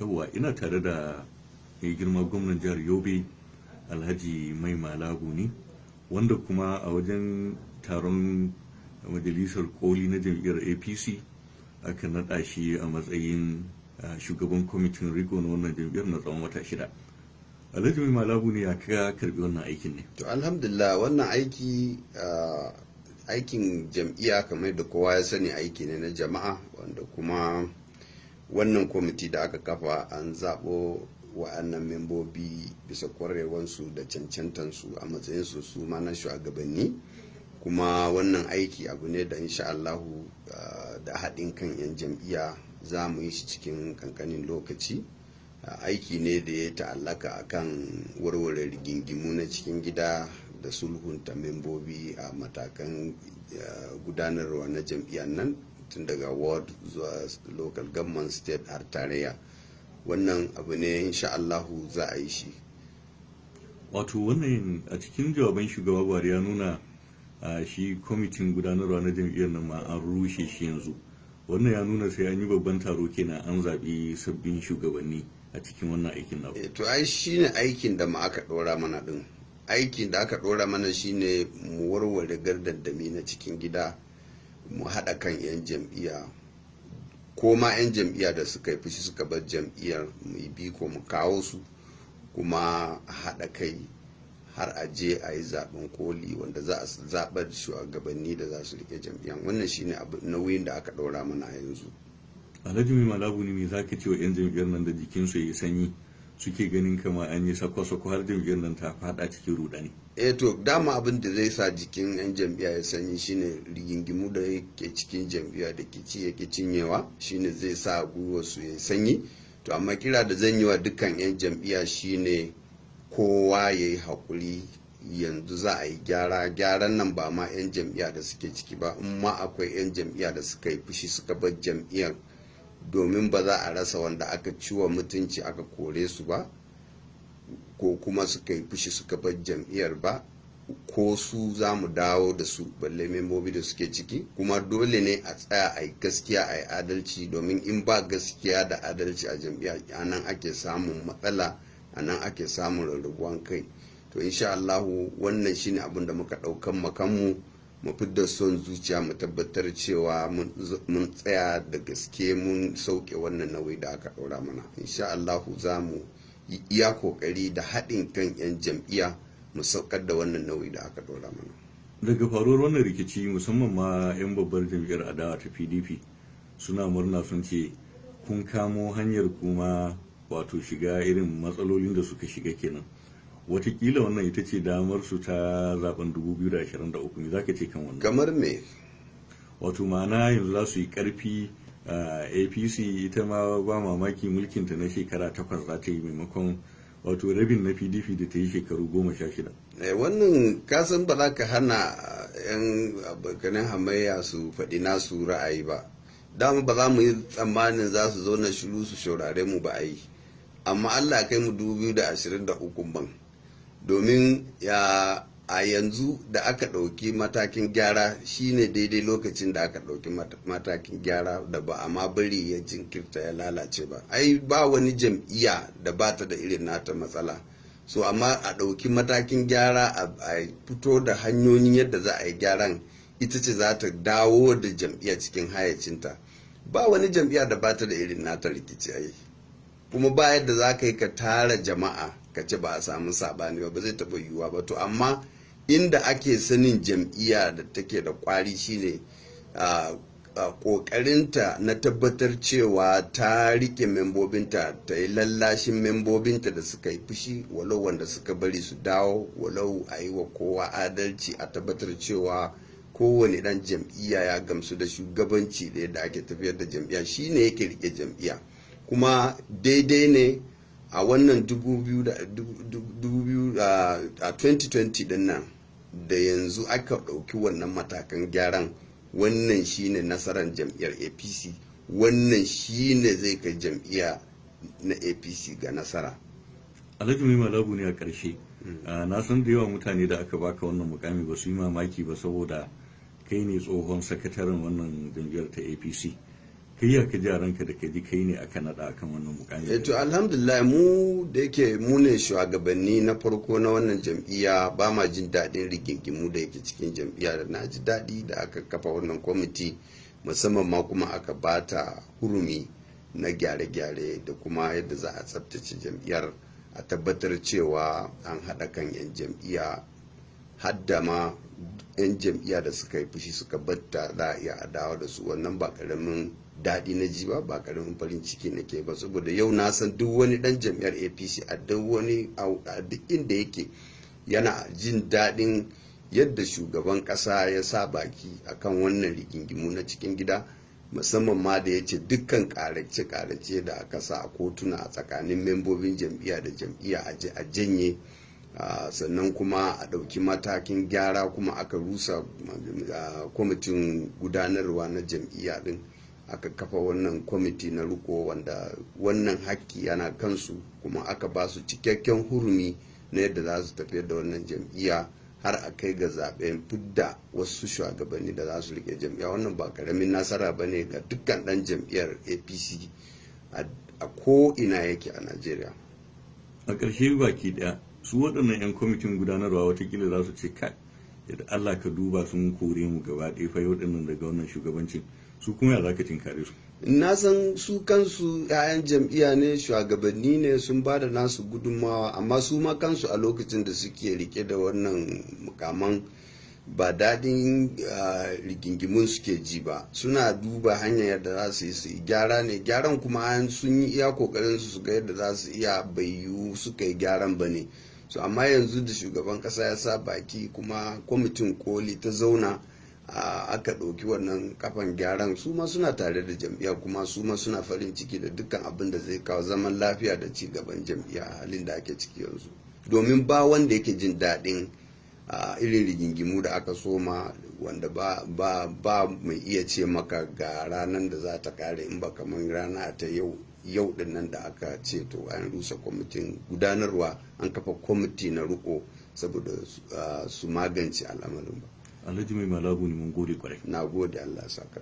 yawwa ina tare da mai girma gwamnan jihar yobe alhaji mai malagu ne wanda kuma a wajen taron majalisar koli na jam'iyyar apc aka naɗa shi a matsayin shugaban kwamitin rigo na wannan jam'iyyar na tsawon wata shida alhaji mai malagu ne ya ka karbi wannan aikin ne to alhamdulillah wannan aiki aikin jam'iyya kamar da kowa ya sani aiki ne na jama'a wanda kuma wannan kwamiti da aka kafa an zaɓo wa'annan membobi bisa kwarewansu da cancantansu a matsayinsu su ma na shugabanni kuma wannan aiki abu ne da insha Allahu ah, da haɗin kan 'yan jam'iyya za mu yi shi cikin kankanin lokaci ah, aiki ne da ya ta'allaka akan warware rigingimu na cikin gida da sulhunta membobi a matakan ah, gudanarwa na jam'iyyar nan tun daga ward zuwa local government state har tarayya wannan abu ne insha Allahu za a yi shi wato wannan a cikin jawaban shugaba buhari ya nuna a shi kwamitin gudanarwa na jam'iyyar nan ma an rushe shi yanzu wannan ya nuna sai an yi babban taro kenan an zaɓi sabbin shugabanni a cikin wannan aikin na eh, to ai shi ne aikin da ma aka ɗora mana ɗin aikin da aka ɗora mana shine mu warware gardandami na cikin gida mu haɗa kan 'yan jam'iyya ko ma 'yan jam'iyya da suka yi fushi suka bar jam'iyyar mu yi biko mu kawo su kuma haɗa kai har a je a yi zaben koli wanda za a zaɓar shugabanni da za su rike jam'iyyar wannan shine nauyin da aka ɗaura mana a yanzu alhaji mai malabu ne me za ka ce wa 'yan jam'iyyar nan da jikinsu ya yi sanyi suke ganin kama an yi sakwa har jam'iyyar nan ta faɗa cikin rudani eh to dama abin da zai sa jikin yan jam'iyya ya sanyi shine rigingimu da yake cikin jam'iyya da ke ci yake cinyewa shine zai sa gwiwar su ya sanyi to amma kira da zan yi wa dukkan yan jam'iyya shine kowa ya yi haƙuri yanzu za a yi gyara gyaran nan ba ma 'yan jam'iyya da suke ciki ba in ma akwai 'yan jam'iyya da suka yi fushi suka bar jam'iyyar domin ba za a rasa wanda aka ciwa mutunci aka kore su ba ko kuma suka yi fushi suka bar jam'iyyar ba ko su za mu dawo da su balle membobi da suke ciki kuma dole ne a tsaya a yi gaskiya a yi adalci domin in ba gaskiya da adalci a jam'iyyar a nan ake samun matsala a nan ake samun rarrabuwan kai to insha Allahu wannan shine abin da muka ɗaukan makanmu mu fidda son zuciya mu tabbatar cewa mun tsaya da gaske mun sauke wannan nauyi da aka ɗora mana insha Allahu za yi iya kokari da haɗin kan 'yan jam'iyya mu saukar da wannan nau'i da aka ɗora mana daga faruwar wannan rikici musamman ma 'yan babbar jam'iyyar adawa ta pdp suna murna sun ce kun kamo hanyar kuma wato shiga irin matsalolin da suka shiga kenan watakila wannan ita ce damar su ta zaben 2023 za ka ce kan wannan kamar me wato ma'ana yanzu za su yi karfi apc ita ma ba mamaki mulkinta na shekara takwas za ta yi maimakon wato rabin na pdp da ta yi shekaru goma sha shida eh, wannan kasan ba za ka hana eh, 'yan abokanin hamayya su faɗi nasu ra'ayi ba dama ba za mu yi tsammanin za su zo na shiru su shaurare mu ba a yi amma allah kai mu dubu da ashirin da hukun domin ya a yanzu da aka ɗauki matakin gyara shine daidai lokacin da aka ɗauki matakin gyara da ba a bari ya jinkirta ya lalace ba ai ba wani jam'iyya da ba ta da irin nata matsala so amma a ɗauki matakin gyara a fito da hanyoyin yadda za a yi gyaran ita ce za ta dawo da jam'iyya cikin hayacinta ba wani jam'iyya da ba ta da irin nata rikici ai kuma ba yadda za ka yi ka tara jama'a ka ce ba a samu saɓani ba ba zai taɓa yiwuwa ba to amma inda ake sanin jam'iyya da take da kwari shine kokarinta na tabbatar cewa ta rike membobinta ta yi lallashin membobinta da suka yi fushi walau wanda suka bari su dawo walau a yi wa kowa adalci a tabbatar cewa kowane dan jam'iyya ya gamsu da shugabanci da yadda ake tafiyar da jam'iyya shine yake rike jam'iyya kuma daidai ne a wannan 2020 din nan da yanzu aka ɗauki wannan matakan gyaran wannan shine nasarar jam'iyyar apc wannan shine zai kai jam'iyya na apc ga nasara alhaji mai malabu ne a ƙarshe mm. ah, na san da yawa mutane da aka baka wannan mukami ba su yi mamaki ba saboda kai ne tsohon sakataren wannan jam'iyyar ta apc kai ya ka ji ranka da ji kai ne aka nada akan wannan mukami eh to alhamdulillah mu da yake mu ne shugabanni na farko na wannan jam'iyya ba ma jin daɗin rigingimu da yake cikin jam'iyya da na ji daɗi da aka kafa wannan kwamiti musamman ma kuma aka bata hurumi na gyare-gyare da kuma yadda za a tsabtace jam'iyyar a tabbatar cewa an haɗa kan 'yan jam'iyya hadda ma 'yan jam'iyya da suka yi fushi suka batta za a iya adawa da su wannan ba ƙaramin daɗi na ji ba ba ƙaramin farin ciki na ke ba saboda yau na san duk wani ɗan jam'iyyar apc a duk wani a duk inda yake yana jin daɗin yadda shugaban ƙasa ya sa baki akan wannan rigingimu na cikin gida musamman ma da ya ce dukkan ƙarace-ƙarace da aka sa a kotuna a tsakanin membobin jam'iyya da jam'iyya a janye sannan kuma a ɗauki matakin gyara kuma aka rusa kwamitin gudanarwa na jam'iyya ɗin. aka kafa wannan kwamiti na ruko wanda wannan haƙƙi yana kansu kuma aka ba su cikakken hurumi na yadda za su tafiyar da wannan jam'iyya har a kai ga zaben fidda wasu shugabanni da za su rike jam'iyya wannan ba karamin nasara ba ne ga dukkan ɗan jam'iyyar apc a ko ina yake a najeriya a ƙarshe baki ɗaya su waɗannan 'yan kwamitin gudanarwa watakila za su ce kai yadda allah ka duba sun kore mu gaba ɗaya fa waɗannan daga wannan shugabancin su kuma za ka tinkare su na san su kansu 'ya'yan jam'iyya ne shugabanni ne sun ba da nasu gudunmawa amma su ma kansu a lokacin da suke rike da wannan mukaman ba daɗin rigingimun suke ji ba suna duba hanyar yadda za su yi su gyara ne gyaran kuma an sun yi iya kokarin su ga yadda za su iya bayu suka yi gyaran ba ne so amma yanzu da shugaban ƙasa ya sa baki kuma kwamitin koli ta zauna aka ɗauki wannan kafan gyaran su ma suna tare da jam'iyya kuma su ma suna farin ciki da dukkan abin da zai kawo zaman lafiya da ci gaban jam'iyya halin da ake ciki yanzu domin ba wanda yake jin daɗin irin rigingimu da aka soma wanda ba, ba, mai iya ce maka ga ranar da za ta kare in ba kamar rana ta yau yau din nan da aka ce to an rusa kwamitin gudanarwa an kafa kwamiti na riko saboda su magance al'amarin ba alhaji mai malabu ne mun gode kwarai na gode allah ya saka